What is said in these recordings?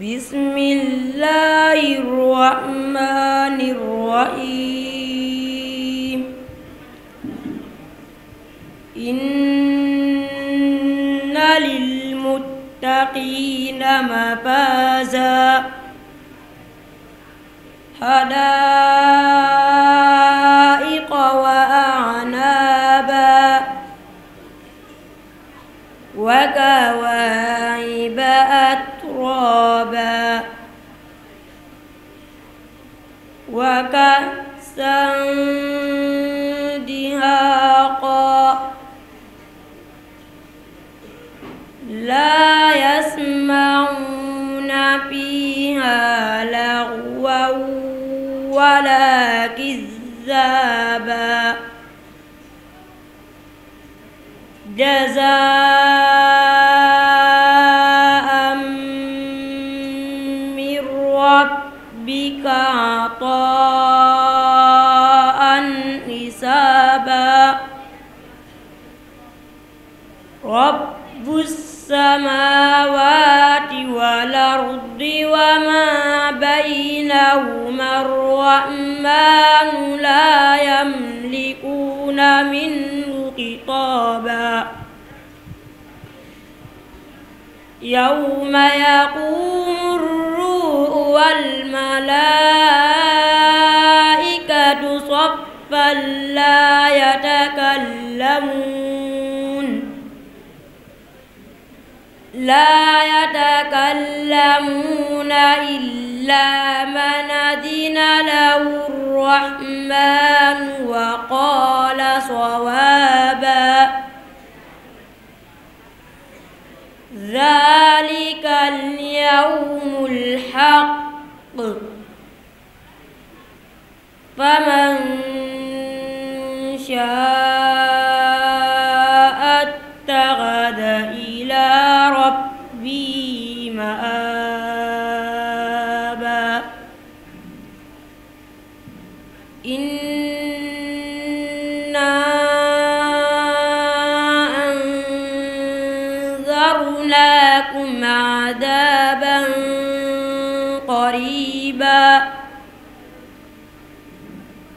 بسم الله الرحمن الرحيم إن للمتقين مفازا هدايا دهاقا لا يسمعون فيها لغوا ولا كذابا جزاء بينهما الرحمن لا يملكون منه خطابا يوم يقوم الروح والملائكة صفا لا يتكلمون لا يتكلمون إلا من أذن له الرحمن وقال صوابا ذلك اليوم الحق فمن شاء إنا أنذرناكم عذابا قريبا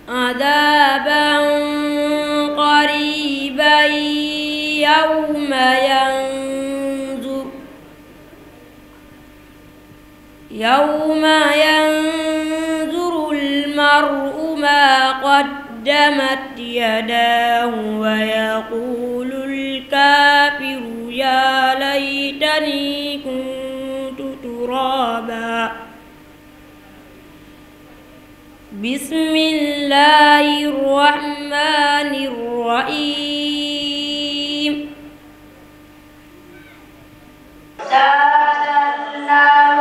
عذابا قريبا يوم ينظر يوم ينظر المرء ما قدمت يداه ويقول الكافر يا ليتني كنت ترابا بسم الله الرحمن الرحيم زاد الله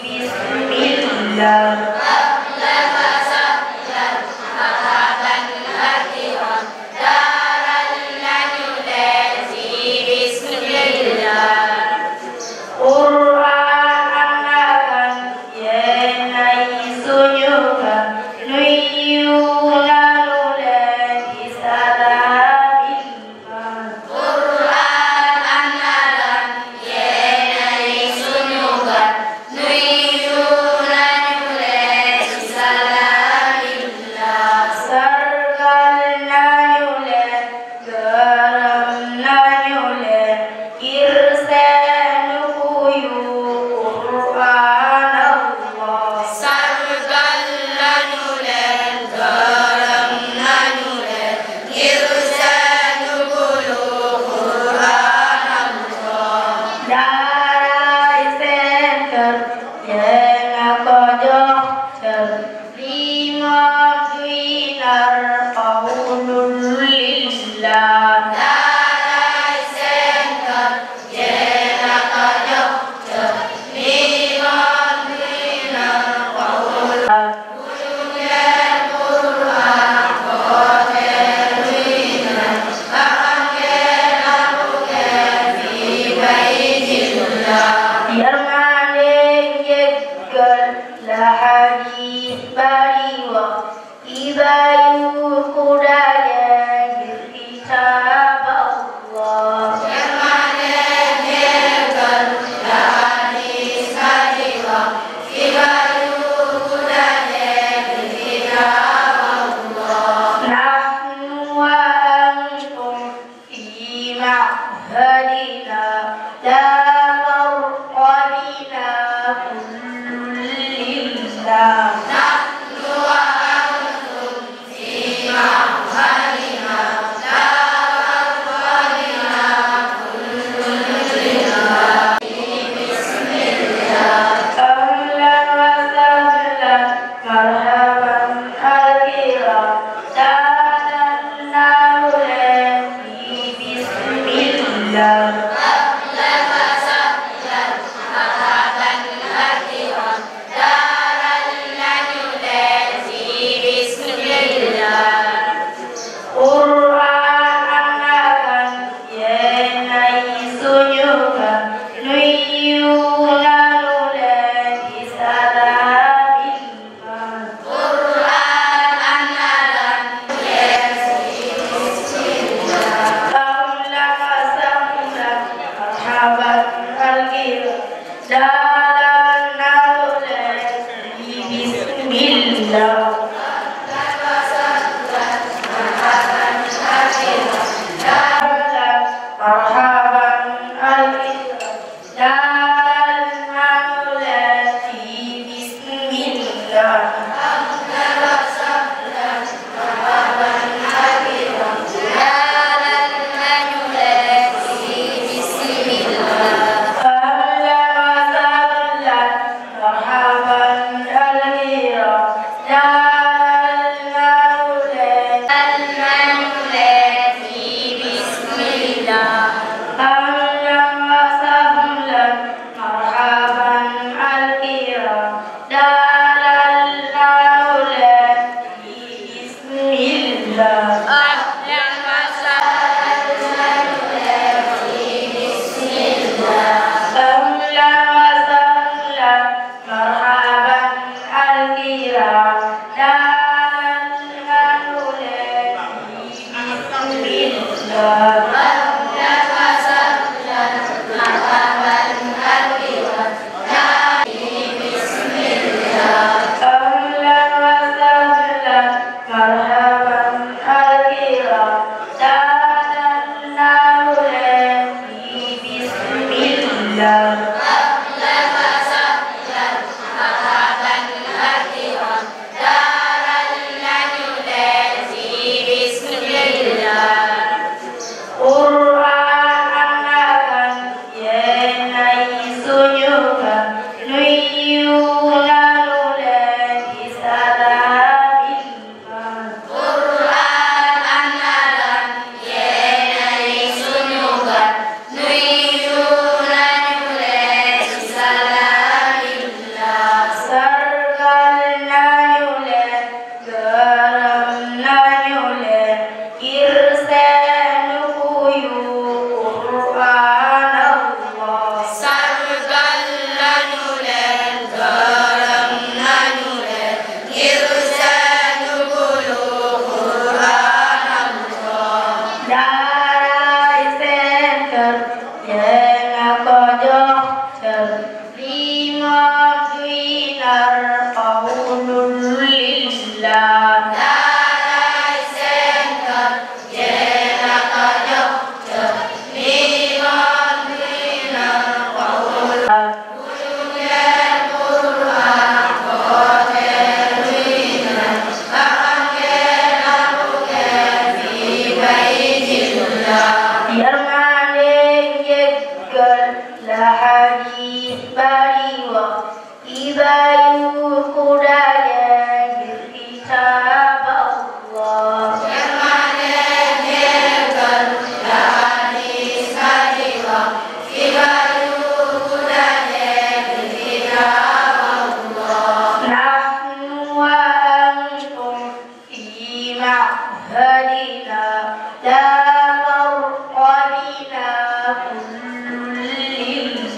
بسم الله Ibari wa ibayu kudaya bil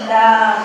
لله